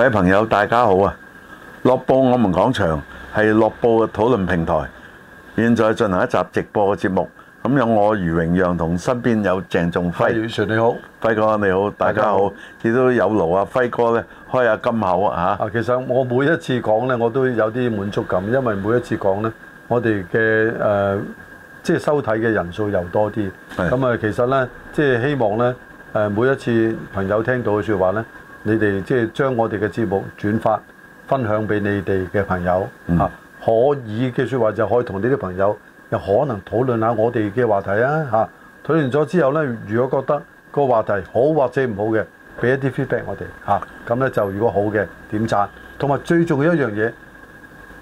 各位朋友，大家好啊！《樂報我們講場》係樂報嘅討論平台，現在進行一集直播嘅節目。咁有我余榮讓同身邊有鄭仲輝。余 Sir 你好，輝哥你好，大家好。亦都有勞啊，輝哥咧開下金口啊吓。啊，其實我每一次講咧，我都有啲滿足感，因為每一次講咧，我哋嘅誒，即係收睇嘅人數又多啲。係。咁啊，其實咧，即係希望咧，誒，每一次朋友聽到嘅說話咧。你哋即係將我哋嘅節目轉發、分享俾你哋嘅朋友嚇、嗯啊，可以嘅説話就可以同呢啲朋友，又可能討論下我哋嘅話題啊嚇。討論咗之後呢，如果覺得個話題好或者唔好嘅，俾一啲 feedback 我哋嚇。咁、啊、呢，就如果好嘅點讚，同埋最重要一樣嘢，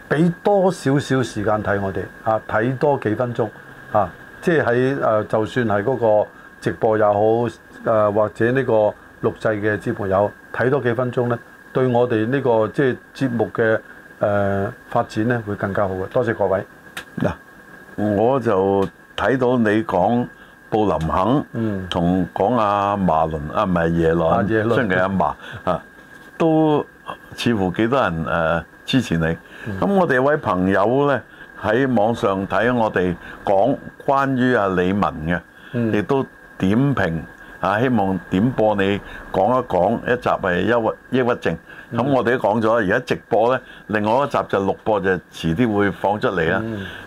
俾多少少時間睇我哋嚇，睇、啊、多幾分鐘嚇、啊，即係喺誒，就算係嗰個直播也好，誒、啊、或者呢、呢個。錄製嘅節目友睇多幾分鐘咧，對我哋呢、這個即係、就是、節目嘅誒、呃、發展咧會更加好嘅。多謝各位嗱，我就睇到你講布林肯同講阿馬倫，啊唔係耶倫，最近嘅阿馬啊， 都似乎幾多人誒支持你。咁、嗯、我哋有位朋友咧喺網上睇我哋講關於阿李文嘅，亦、嗯、都點評。啊！希望點播你講一講一集係憂鬱抑鬱症，咁、嗯、我哋都講咗。而家直播咧，另外一集就錄播就遲啲會放出嚟啦。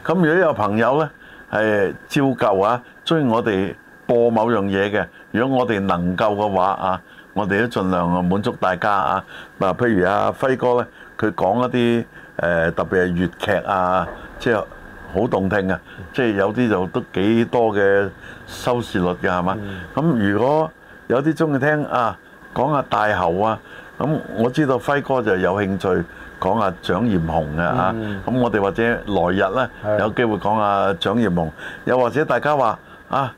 咁、嗯、如果有朋友咧係照舊啊，中意我哋播某樣嘢嘅，如果我哋能夠嘅話啊，我哋都盡量啊滿足大家啊。嗱、啊，譬如阿輝哥咧，佢講一啲誒、呃、特別係粵劇啊，即、就、係、是。好動聽嘅，即係有啲就都幾多嘅收視率嘅係嘛？咁、嗯、如果有啲中意聽啊，講下大喉啊，咁、嗯、我知道輝哥就有興趣講下蔣艷紅嘅嚇，咁、嗯啊、我哋或者來日咧的有機會講下蔣艷紅，又或者大家話啊，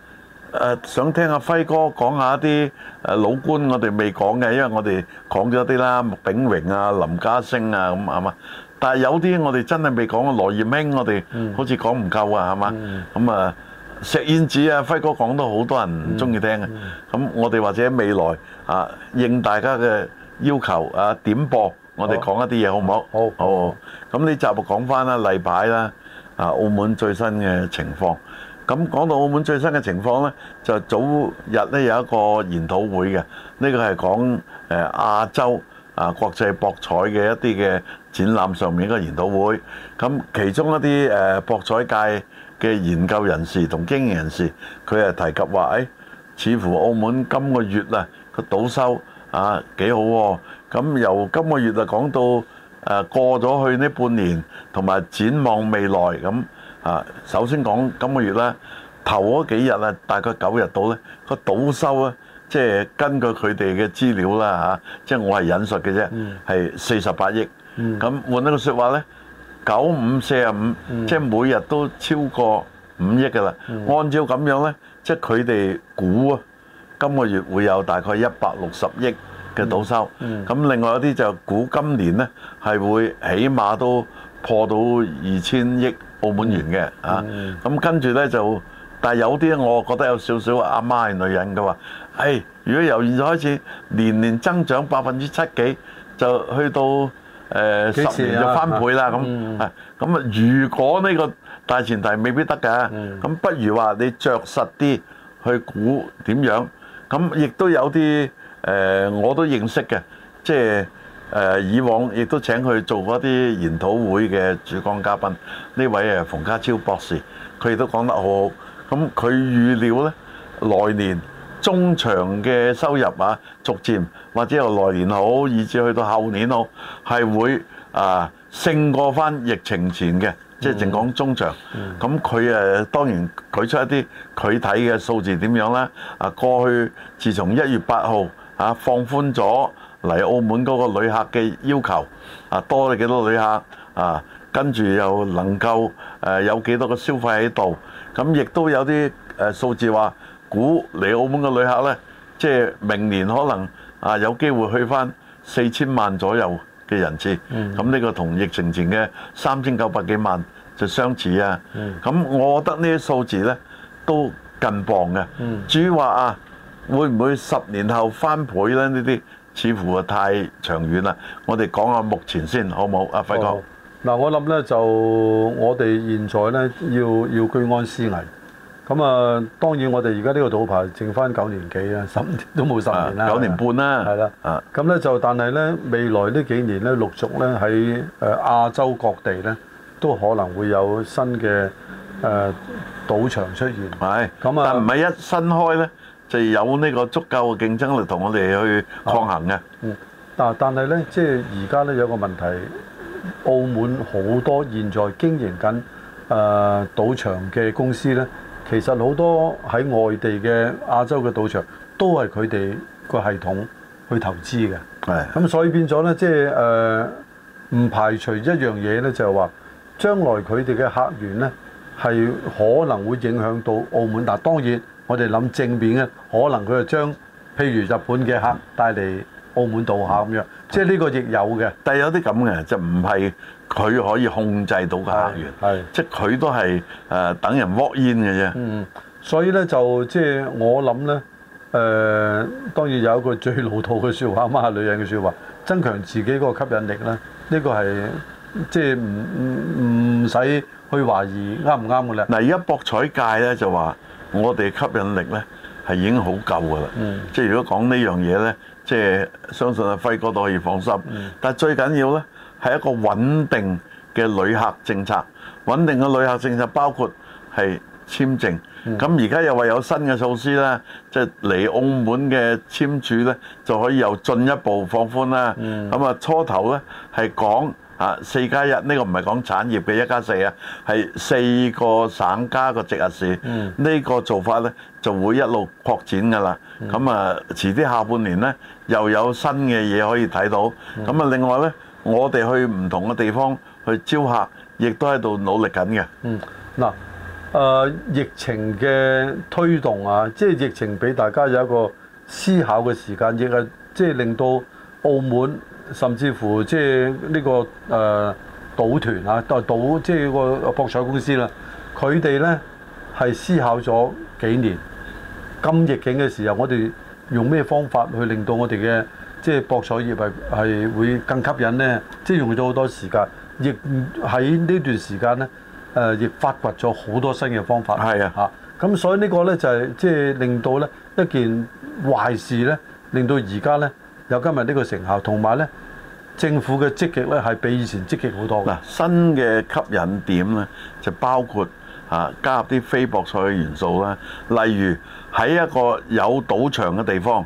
誒、呃、想聽阿輝哥講一下啲誒老官我哋未講嘅，因為我哋講咗啲啦，穆炳榮啊、林家聲啊咁係嘛？但係有啲我哋真係未講過，羅業興我哋好似講唔夠啊，係嘛吧？咁啊、嗯，石燕子啊，輝哥講到好多人中意聽嘅。咁、嗯嗯嗯、我哋或者未來啊應大家嘅要求啊點播，我哋講一啲嘢好唔好？好？好，好。咁呢、嗯嗯嗯、集目講翻啦，例牌啦，啊澳門最新嘅情況。咁、嗯、講到澳門最新嘅情況呢，就早日呢有一個研討會嘅，呢、這個係講誒、呃呃、亞洲。啊！國際博彩嘅一啲嘅展覽上面一個研討會，咁、啊、其中一啲誒、啊、博彩界嘅研究人士同經營人士，佢係提及話：誒、哎，似乎澳門今個月啊個賭收啊幾好喎、啊！咁、啊、由今個月啊講到誒過咗去呢半年，同埋展望未來咁啊，啊。首先講今個月咧、啊，頭嗰幾日啊，大概九日到咧個賭收啊。即係根據佢哋嘅資料啦嚇，即、啊、係、就是、我係引述嘅啫，係四十八億咁、mm. 換一個說話呢，九五四啊五，即係、mm. 每日都超過五億㗎啦。Mm. 按照咁樣呢，即係佢哋估啊，今個月會有大概一百六十億嘅賭收，咁、mm. mm. 另外有啲就估今年呢係會起碼都破到二千億澳門元嘅啊。咁、mm. 嗯、跟住呢，就，但係有啲我覺得有少少阿媽係女人嘅話。係、哎，如果由現在開始年年增長百分之七幾，就去到誒、呃啊、十年就翻倍啦咁。咁啊、嗯，如果呢個大前提未必得㗎，咁、嗯、不如話你着實啲去估點樣。咁亦都有啲誒、呃，我都認識嘅，即係誒、呃、以往亦都請佢做過一啲研討會嘅主講嘉賓。呢位係馮家超博士，佢亦都講得好好。咁佢預料咧，來年，中長嘅收入啊，逐漸或者由來年好，以至去到後年好，係會啊勝過翻疫情前嘅，即係淨講中長。咁佢誒當然舉出一啲佢睇嘅數字點樣呢？啊，過去自從一月八號啊放寬咗嚟澳門嗰個旅客嘅要求，啊多咗幾多旅客啊，跟住又能夠誒、啊、有幾多個消費喺度，咁亦都有啲誒數字話。估嚟澳門嘅旅客呢，即係明年可能啊有機會去翻四千萬左右嘅人次，咁呢、嗯、個同疫情前嘅三千九百幾萬就相似啊。咁、嗯、我覺得呢啲數字呢都近磅嘅。嗯、至於話啊，會唔會十年後翻倍呢？呢啲似乎啊太長遠啦。我哋講下目前先好唔好？啊，輝哥嗱、哦呃，我諗呢，就我哋現在呢，要要居安思危。咁啊，當然我哋而家呢個賭牌剩翻九年幾啦，十都冇十年啦， 九年半啦，係啦的。咁咧就， 但係咧未來呢幾年咧，陸續咧喺誒亞洲各地咧，都可能會有新嘅誒賭場出現。係的，咁啊但唔係一新開咧，就有呢個足夠嘅競爭力同我哋去抗衡嘅。嗯，但係但係咧，即係而家咧有個問題，澳門好多現在,在經營緊誒賭場嘅公司咧。其實好多喺外地嘅亞洲嘅賭場都係佢哋個系統去投資嘅，咁、哎、呀所以變咗呢，即係誒唔排除一樣嘢呢，就係話將來佢哋嘅客源呢，係可能會影響到澳門。但當然我哋諗正面嘅，可能佢就將譬如日本嘅客帶嚟澳門度假咁樣，即係呢個亦有嘅。但係有啲咁嘅，就唔係。佢可以控制到嘅客源，即係佢都係誒、呃、等人 walk in 嘅啫。嗯，所以咧就即係、就是、我諗咧誒，當然有一個最老套嘅説話啊嘛，媽媽女人嘅説話，增強自己嗰個吸引力啦。呢、這個係即係唔唔唔使去懷疑啱唔啱嘅啦。嗱，而家博彩界咧就話我哋吸引力咧係已經好夠嘅啦。嗯，即係如果講呢樣嘢咧，即、就、係、是、相信阿輝哥都可以放心。嗯、但係最緊要咧。係一個穩定嘅旅客政策，穩定嘅旅客政策包括係簽證。咁而家又話有新嘅措施咧，即係嚟澳門嘅簽注呢，呢就可以又進一步放寬啦。咁啊、嗯，初頭呢係講啊四加一呢個唔係講產業嘅一加四啊，係四個省加個直轄市。呢、嗯、個做法呢就會一路擴展㗎啦。咁、嗯、啊，遲啲下半年呢又有新嘅嘢可以睇到。咁啊，另外呢。我哋去唔同嘅地方去招客，亦都喺度努力緊嘅。嗯，嗱、呃，誒疫情嘅推動啊，即係疫情俾大家有一個思考嘅時間，亦係即係令到澳門甚至乎即係呢個誒、呃、賭團啊，代賭即係、就係、個博彩公司啦，佢哋咧係思考咗幾年，咁逆境嘅時候，我哋用咩方法去令到我哋嘅？即係博彩業係係會更吸引呢，即係用咗好多時間，亦喺呢段時間呢，誒亦發掘咗好多新嘅方法。係啊，嚇咁所以呢個呢，就係即係令到呢一件壞事呢，令到而家呢，有今日呢個成效，同埋呢政府嘅積極呢，係比以前積極好多。嗱，新嘅吸引點呢，就包括嚇啊加入啲非博彩嘅元素啦，例如喺一個有賭場嘅地方，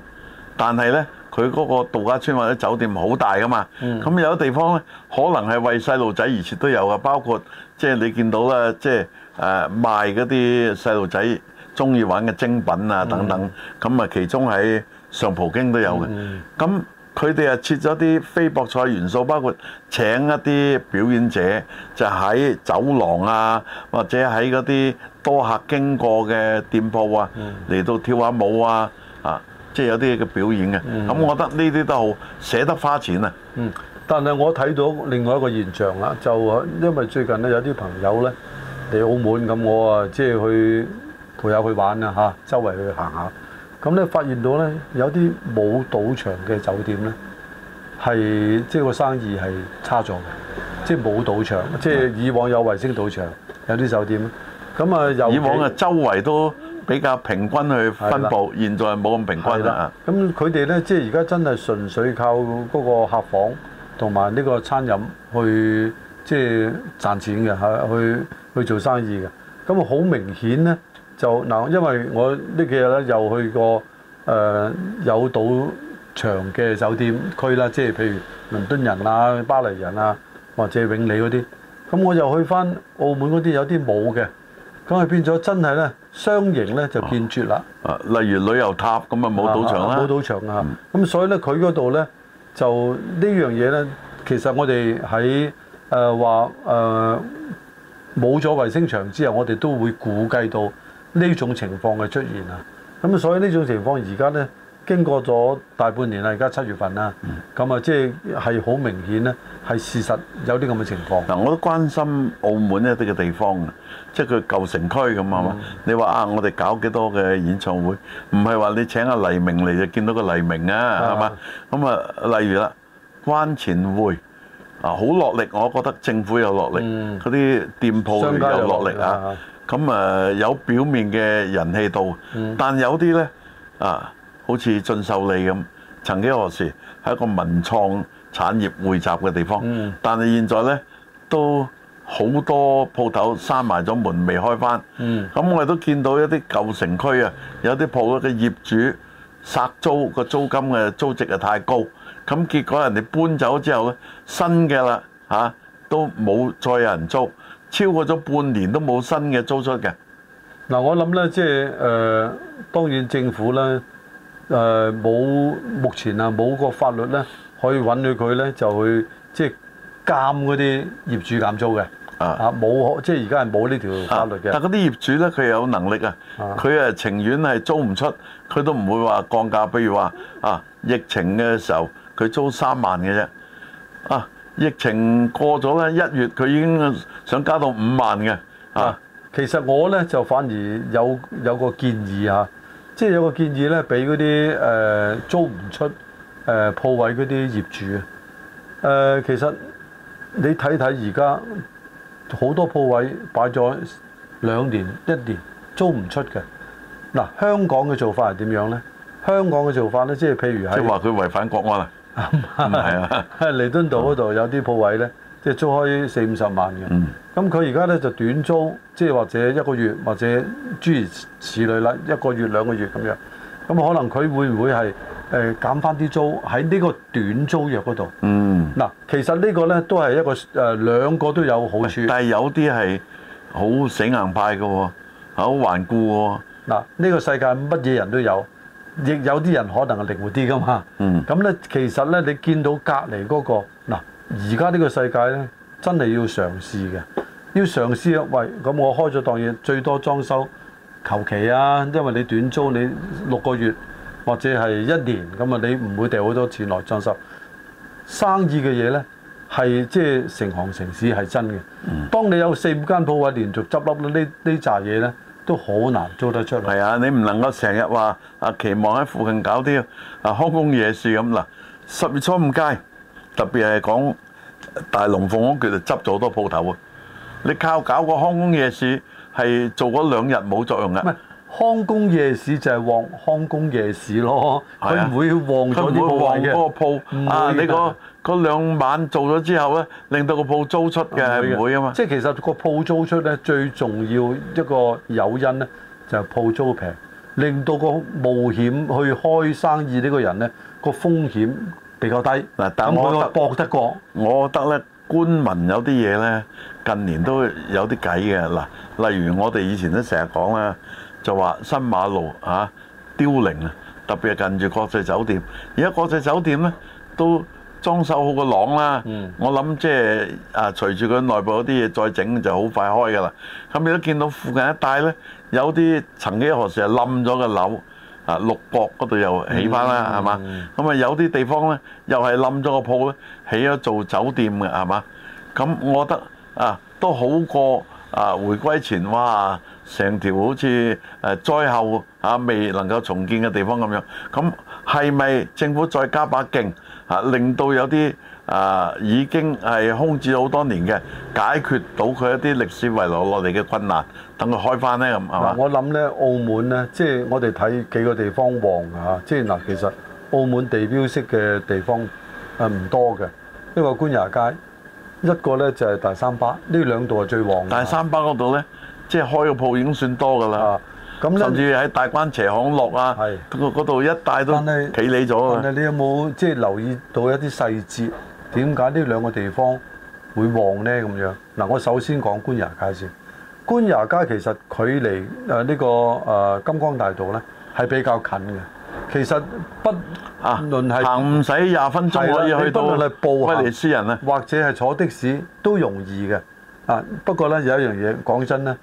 但係呢。佢嗰個度假村或者酒店好大噶嘛，咁、嗯、有啲地方咧可能係為細路仔而設都有嘅，包括即係、就是、你見到啦，即係誒賣嗰啲細路仔中意玩嘅精品啊等等，咁啊、嗯、其中喺上葡京都有嘅，咁佢哋啊設咗啲非博彩元素，包括請一啲表演者就喺走廊啊或者喺嗰啲多客經過嘅店鋪啊嚟、嗯、到跳下舞啊啊！即係有啲嘅表演嘅，咁、嗯、我覺得呢啲都好，捨得花錢啊。嗯，但係我睇到另外一個現象啦，就因為最近咧有啲朋友咧嚟澳門，咁我啊即係去同友去玩啦吓，周圍去行下。咁咧、嗯、發現到咧有啲冇賭場嘅酒店咧，係即係個生意係差咗嘅，即係冇賭場，即係、嗯、以往有衛星賭場有啲酒店，咁啊又。以往啊，周圍都。比較平均去分布，的現在冇咁平均啦。咁佢哋呢，即係而家真係純粹靠嗰個客房同埋呢個餐飲去即係賺錢嘅嚇，去去做生意嘅。咁啊，好明顯呢，就嗱，因為我呢幾日呢，又去過誒、呃、有賭場嘅酒店區啦，即係譬如倫敦人啊、巴黎人啊，或者永利嗰啲。咁我又去翻澳門嗰啲，有啲冇嘅，咁啊變咗真係呢。雙營咧就建絕啦。啊，例如旅遊塔咁啊，冇賭場啦。冇賭場啊，咁所以咧，佢嗰度咧就樣呢樣嘢咧，其實我哋喺誒話誒冇咗衛星場之後，我哋都會估計到呢種情況嘅出現啊。咁所以呢種情況而家咧。經過咗大半年啦，而家七月份啦，咁啊，即係係好明顯咧，係事實有啲咁嘅情況。嗱，我都關心澳門一啲嘅地方，即係佢舊城區咁啊嘛。你話啊，我哋搞幾多嘅演唱會？唔係話你請阿黎明嚟就見到個黎明啊，係嘛？咁啊，例如啦，關前會啊，好落力，我覺得政府有落力，嗰啲店鋪有落力啊。咁啊，有表面嘅人氣度，但有啲咧啊。好似進秀里咁，曾幾何時係一個文創產業匯集嘅地方？嗯、但係現在呢，都好多鋪頭閂埋咗門，未開返。咁、嗯、我哋都見到一啲舊城區啊，有啲鋪嘅業主殺租，個租金嘅租值又太高。咁結果人哋搬走之後呢，新嘅啦嚇都冇再有人租，超過咗半年都冇新嘅租出嘅。嗱、嗯，我諗呢，即係誒，當然政府呢。誒冇、呃、目前啊冇個法律咧，可以揾到佢咧，就去即係監嗰啲業主減租嘅啊冇、啊、即係而家係冇呢條法律嘅、啊。但嗰啲業主咧，佢有能力啊，佢係情願係租唔出，佢都唔會話降價。比如話啊，疫情嘅時候佢租三萬嘅啫啊，疫情過咗啦，一月佢已經想加到五萬嘅啊、啊。其實我咧就反而有有個建議啊。.即係有個建議咧，俾嗰啲誒租唔出誒鋪、呃、位嗰啲業主啊。誒、呃，其實你睇睇而家好多鋪位擺咗兩年、一年租唔出嘅。嗱、呃，香港嘅做法係點樣咧？香港嘅做法咧，即係譬如喺即係話佢違反國安啊？唔係 啊，彌、啊、 敦道嗰度有啲鋪位咧。即係租開四五十萬嘅，咁佢而家咧就短租，即係或者一個月，或者諸如此類啦，一個月兩個月咁樣。咁可能佢會唔會係誒減翻啲租喺呢個短租約嗰度？嗱、嗯，其實個呢個咧都係一個誒兩、呃、個都有好處。但係有啲係好死硬派嘅喎、哦，好頑固喎、哦。嗱，呢、這個世界乜嘢人都有，亦有啲人可能係靈活啲噶嘛。咁咧、嗯嗯嗯，其實咧你見到隔離嗰、那個嗱。而家呢個世界呢，真係要嘗試嘅，要嘗試。喂，咁我開咗檔嘢，最多裝修求其啊，因為你短租，你六個月或者係一年，咁啊，你唔會掉好多錢來裝修。生意嘅嘢呢，係即係成行成市係真嘅。嗯。當你有四五間鋪位連續執笠呢，呢扎嘢呢，都好難租得出嚟。係啊，你唔能夠成日話啊，期望喺附近搞啲啊康公夜市咁啦，十月初五街。特別係講大龍鳳屋，佢就執咗好多鋪頭啊！你靠搞個康公夜市係做嗰兩日冇作用嘅。唔係康公夜市就係旺康公夜市咯，佢唔、啊、會旺咗佢會旺嗰個鋪啊！你講兩晚做咗之後咧，令到個鋪租出嘅，唔會啊嘛。即係其實個鋪租出咧，最重要一個誘因咧，就係、是、鋪租平，令到個冒險去開生意呢個人咧，個風險，比較低嗱，但我覺得博得過。我覺得咧，官民有啲嘢咧，近年都有啲計嘅嗱。例如我哋以前都成日講啦，就話新馬路嚇凋零啊，特別係近住國際酒店。而家國際酒店咧都裝修好個廊啦。嗯、我諗即係啊，隨住佢內部嗰啲嘢再整，就好快開㗎啦。咁你都見到附近一帶咧，有啲曾幾何時係冧咗嘅樓。啊，六角嗰度又起返啦，係嘛？咁啊，有啲地方咧，又係冧咗個鋪咧，起咗做酒店嘅，係嘛？咁我覺得啊，都好過啊，回歸前哇，成條好似誒災後啊，未能夠重建嘅地方咁樣。咁係咪政府再加把勁啊，令到有啲？啊，已經係空置好多年嘅，解決到佢一啲歷史遺留落嚟嘅困難，等佢開翻呢，咁，係嘛？我諗呢澳門呢，即係我哋睇幾個地方旺吓、啊、即係嗱、啊，其實澳門地標式嘅地方唔、啊、多嘅，一個官也街，一個呢就係、是、大三巴，呢兩度係最旺。大三巴嗰度呢，即係開個鋪已經算多㗎啦。咁、啊、甚至喺大關斜巷落啊，嗰度的一帶都企理咗是你有冇即係留意到一啲細節？點解呢兩個地方會旺呢？咁樣嗱，我首先講官也街先。官也街其實距離誒呢個誒金光大道呢係比較近嘅。其實不論啊，係行唔使廿分鐘可以的去到威尼斯人呢，或者係坐的士都容易嘅。啊，不過呢，有一樣嘢講真呢，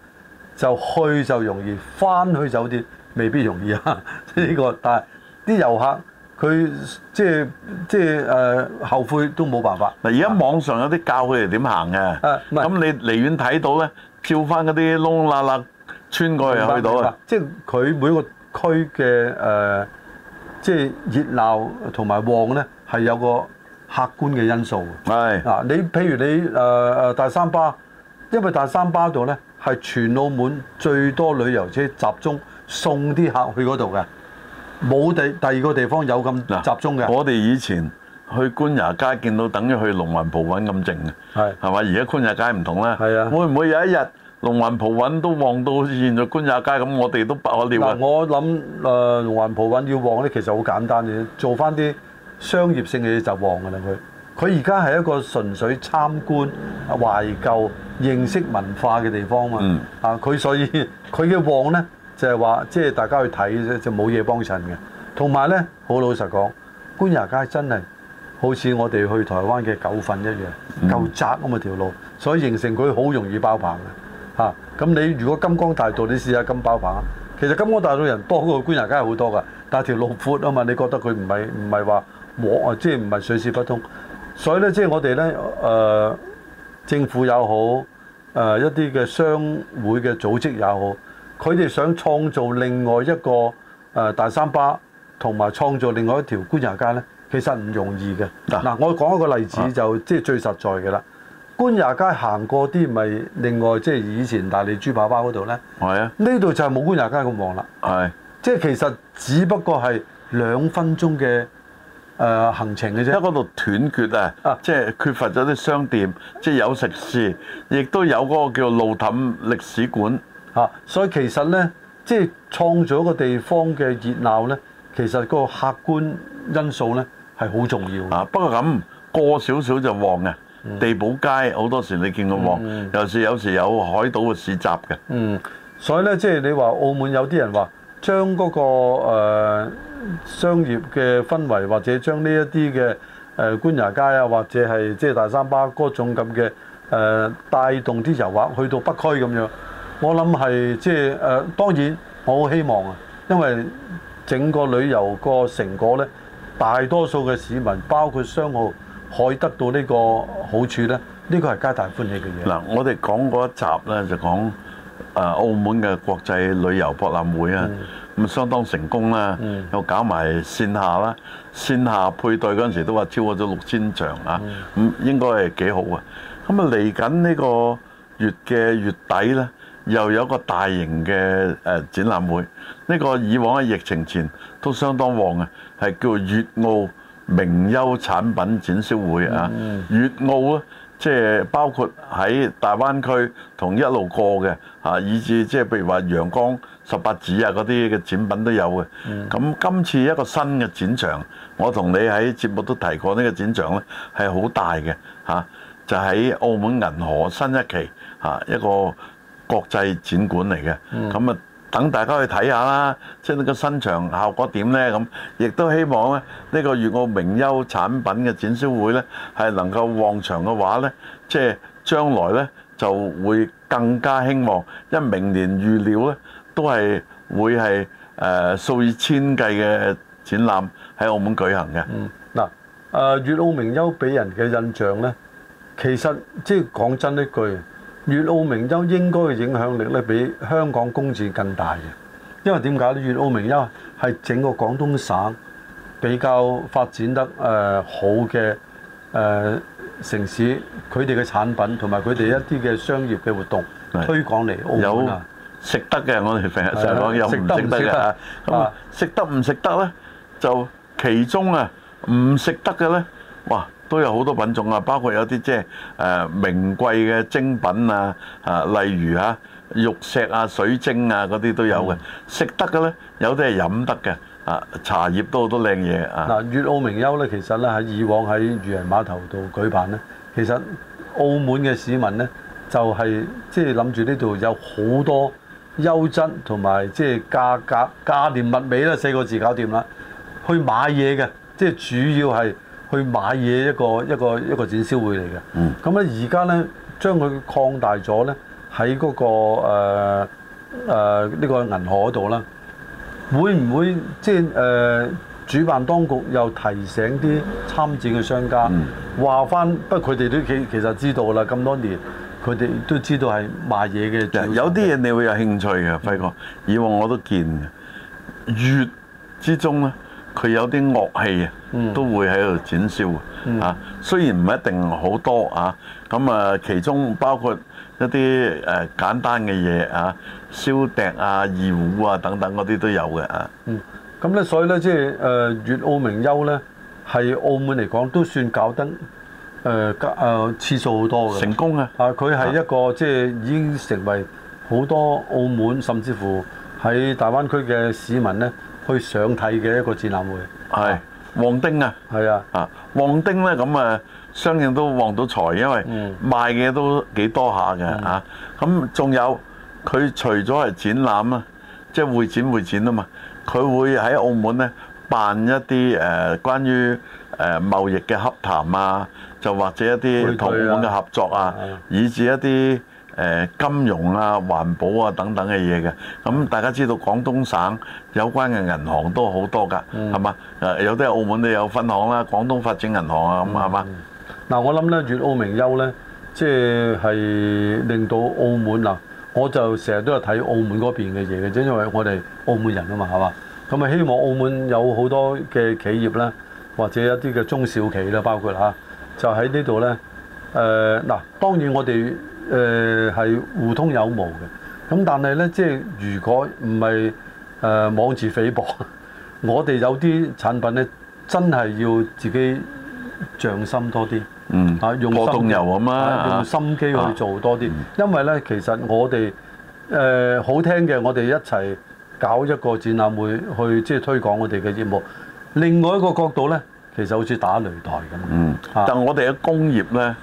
就去就容易，翻去酒店未必容易啊。呢、 呢個但係啲遊客。佢即係即係、呃、誒後悔都冇辦法。嗱，而家網上有啲教佢哋點行嘅。咁你離遠睇到咧，跳翻嗰啲窿窿罅罅穿過去到啊。即係佢每個區嘅誒，即係熱鬧同埋旺咧，係有個客觀嘅因素嘅。嗱，你譬如你誒誒、呃、大三巴，因為大三巴度咧係全澳門最多旅遊車集中送啲客去嗰度嘅。冇地，第二個地方有咁集中嘅。我哋以前去官衙街見到等於去龍環葡韻咁靜嘅，係係嘛？而家官衙街唔同啦，係啊，會唔會有一日龍環葡韻都旺到好似現在官衙街咁？我哋都不可料啊！我諗誒龍環葡韻要旺咧，其實好簡單嘅，做翻啲商業性嘅嘢就旺㗎啦。佢佢而家係一個純粹參觀懷舊認識文化嘅地方嘛，啊佢所以佢嘅旺咧。就係話，即係大家去睇啫，就冇嘢幫襯嘅。同埋呢，好老實講，官也街真係好似我哋去台灣嘅九份一樣，夠、嗯、窄啊嘛條路，所以形成佢好容易爆棚嘅嚇。咁、啊、你如果金光大道，你試下金爆棚。其實金光大道人多過官也街好多㗎，但係條路闊啊嘛，你覺得佢唔係唔係話網即係唔係水泄不通。所以呢，即係我哋呢，誒、呃、政府又好，誒、呃、一啲嘅商會嘅組織又好。佢哋想創造另外一個誒、呃、大三巴，同埋創造另外一條官也街呢，其實唔容易嘅。嗱、啊啊，我講一個例子、啊、就即係最實在嘅啦。官也街行過啲咪另外即係、就是、以前大利豬扒包嗰度呢，係啊，呢度就係冇官也街咁旺啦。係、啊，即係其實只不過係兩分鐘嘅、呃、行程嘅啫。因為嗰度斷缺啊，啊，即係缺乏咗啲商店，即、就、係、是、有食肆，亦都有嗰個叫路氹歷史館。啊，所以其實呢，即係創造一個地方嘅熱鬧呢，其實個客觀因素呢係好重要啊，不過咁過少少就旺嘅，嗯、地堡街好多時你見到旺，尤、嗯、是有時有海島嘅市集嘅。嗯，所以呢，即係你話澳門有啲人話將嗰、嗰個、呃、商業嘅氛圍，或者將呢一啲嘅誒官也街啊，或者係即係大三巴嗰種咁嘅誒，帶動啲遊客去到北區咁樣。我諗係即係誒，當然我好希望啊，因為整個旅遊個成果咧，大多數嘅市民，包括商戶，可以得到呢個好處咧。呢、呢個係皆大歡喜嘅嘢嗱。我哋講嗰一集咧，就講誒澳門嘅國際旅遊博覽會啊，咁、嗯、相當成功啦，嗯、又搞埋線下啦，線下配對嗰陣時都話超過咗六千場啊，咁、嗯、應該係幾好啊。咁啊，嚟緊呢個月嘅月底咧。又有一個大型嘅誒展覽會，呢個以往嘅疫情前都相當旺嘅，係叫做粵澳名優產品展銷會啊。粵澳咧，即係包括喺大灣區同一路過嘅啊，以至即係譬如話陽江十八子啊嗰啲嘅展品都有嘅。咁今次一個新嘅展場，我同你喺節目都提過呢個展場咧，係好大嘅嚇，就喺澳門銀河新一期嚇、啊、一個。國際展館嚟嘅，咁啊等大家去睇下啦，即係個新場效果點咧咁，亦都希望咧呢個粵澳名優產品嘅展銷會咧係能夠旺場嘅話咧，即係將來咧就會更加興旺，因為明年預料咧都係會係誒數以千計嘅展覽喺澳門舉行嘅。嗱，誒粵澳名優俾人嘅印象咧，其實即係講真一句。粵澳名州應該嘅影響力咧，比香港公眾更大嘅，因為點解咧？粵澳名州係整個廣東省比較發展得誒好嘅誒城市，佢哋嘅產品同埋佢哋一啲嘅商業嘅活動推廣嚟澳門啊！食得嘅我哋成日成講，有食得唔食得嘅嚇。咁食得唔食得咧？就其中啊，唔食得嘅咧，哇！都有好多品種啊，包括有啲即係誒名貴嘅精品啊，啊，例如啊玉石啊、水晶啊嗰啲都有嘅。食得嘅咧，有啲係飲得嘅，啊，茶葉都好多靚嘢啊。嗱、啊，粵澳名優咧，其實咧喺以往喺漁人碼頭度舉辦咧，其實澳門嘅市民咧就係即係諗住呢度有好多優質同埋即係價格價廉物美咧四個字搞掂啦，去買嘢嘅，即係主要係。去買嘢一個一個一個展銷會嚟嘅，咁咧而家咧將佢擴大咗咧喺嗰個誒呢、呃呃呢個銀行嗰度啦，會唔會即係誒、呃、主辦當局又提醒啲參展嘅商家話翻？不過佢哋都其實其實知道啦，咁多年佢哋都知道係賣嘢嘅。有啲嘢你會有興趣嘅，輝哥、嗯、以往我都見月之中咧。佢有啲樂器啊、嗯，都會喺度展銷啊。雖然唔一定好多啊，咁啊，其中包括一啲誒、呃、簡單嘅嘢啊，燒笛啊、二胡啊等等嗰啲都有嘅啊。嗯，咁咧，所以咧，即係誒粵澳名優咧，喺澳門嚟講都算搞得誒誒、呃呃、次數好多嘅成功啊！啊，佢係一個即係、就是、已經成為好多澳門甚至乎喺大灣區嘅市民咧。去上睇嘅一個展覽會，係旺是、啊、丁啊，係啊，啊旺丁咧，咁啊，相應都旺到財，因為賣嘅都幾多下嘅、嗯、啊。咁仲有佢除咗係展覽啦，即係會展會展啊嘛，佢會喺澳門咧辦一啲誒關於誒貿易嘅洽談啊，就或者一啲同澳門嘅合作啊，啊以至一啲。誒金融啊、環保啊等等嘅嘢嘅，咁大家知道廣東省有關嘅銀行都好多㗎、嗯，係嘛？誒有啲係澳門都有分行啦、啊，廣東發展銀行啊、嗯吧，咁係嘛？嗱、啊，我諗咧，粵澳名優咧，即係係令到澳門嗱、啊，我就成日都有睇澳門嗰邊嘅嘢嘅，啫，因為我哋澳門人啊嘛，係嘛？咁啊，希望澳門有好多嘅企業啦，或者一啲嘅中小企啦，包括嚇、啊，就喺呢度咧，誒、呃、嗱、啊，當然我哋。誒係互通有無嘅，咁但係呢，即係如果唔係誒妄自菲薄，我哋有啲產品呢，真係要自己匠心多啲，嗯，啊用心，破洞油啊嘛，啊用心機去做多啲，因為呢，其實我哋誒好聽嘅，我哋一齊搞一個展覽會去即係推廣我哋嘅業務。另外一個角度呢，其實好似打擂台咁，嗯，但係我哋嘅工業呢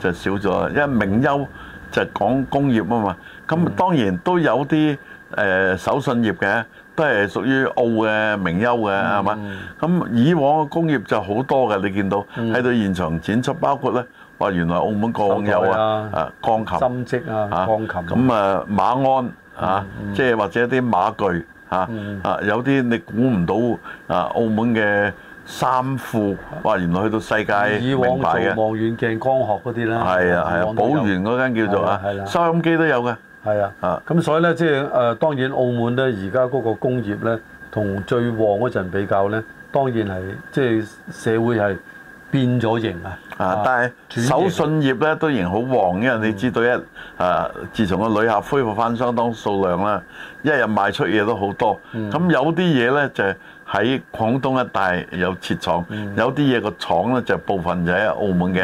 就少咗，因為名優。就係講工業啊嘛，咁當然都有啲誒手信業嘅，都係屬於澳嘅名優嘅係嘛？咁以往嘅工業就好多嘅，你見到喺度現場展出，包括咧話原來澳門各有啊，啊鋼琴針織啊，鋼琴咁啊馬鞍啊，即係或者啲馬具啊，啊有啲你估唔到啊澳門嘅。三富，哇！原來去到世界以往買望遠鏡光學嗰啲啦。係啊係啊，寶元嗰間叫做啊。係啦。收音機都有嘅。係啊。啊。咁所以咧，即係誒，當然澳門咧，而家嗰個工業咧，同最旺嗰陣比較咧，當然係即係社會係變咗形啊。啊！但係手信業咧都仍好旺，因為你知道一啊，自從個旅客恢復翻相當數量啦，一日賣出嘢都好多。咁有啲嘢咧就。喺廣東一帶有設廠，嗯、有啲嘢個廠咧就部分就喺澳門嘅，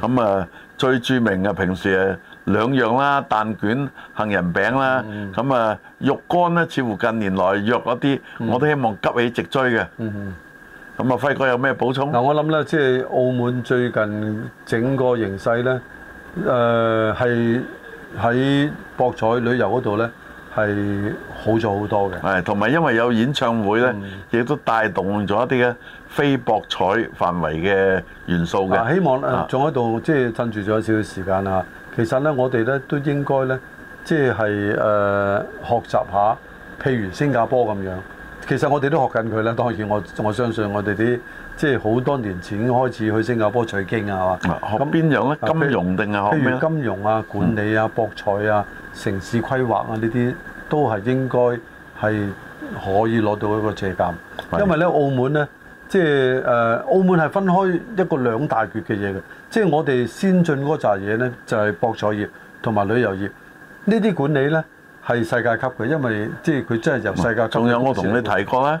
咁啊、嗯嗯、最著名嘅平時係兩樣啦，蛋卷、杏仁餅啦，咁啊、嗯、肉乾呢，似乎近年來弱嗰啲我都希望急起直追嘅，咁啊、嗯、輝哥有咩補充？嗱、嗯，我諗咧，即、就、係、是、澳門最近整個形勢咧，誒係喺博彩旅遊嗰度咧。係好咗好多嘅，係同埋因為有演唱會咧，亦、嗯、都帶動咗一啲嘅非博彩範圍嘅元素嘅、嗯。希望誒仲喺度，即係趁住咗少少時間啊！其實咧，我哋咧都應該咧，即係誒學習下，譬如新加坡咁樣。其實我哋都學緊佢啦。當然我，我我相信我哋啲。即係好多年前開始去新加坡取經啊，係咪？咁邊樣咧？金融定啊？學金融啊、管理啊、嗯、博彩啊、城市規劃啊，呢啲都係應該係可以攞到一個借鑑。是的 因為咧，澳門咧，即係誒、呃，澳門係分開一個兩大橛嘅嘢嘅。即係我哋先進嗰扎嘢咧，就係、是、博彩業同埋旅遊業。呢啲管理咧係世界級嘅，因為即係佢真係入世界級。仲、嗯、有我同才你提過咧。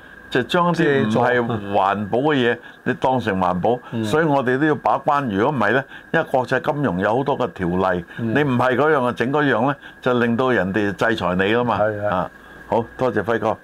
就將啲唔係環保嘅嘢，你當成環保，嗯、所以我哋都要把關。如果唔係咧，因為國際金融有好多嘅條例，嗯、你唔係嗰樣啊，整嗰樣咧，就令到人哋制裁你啊嘛。係啊，好多謝輝哥。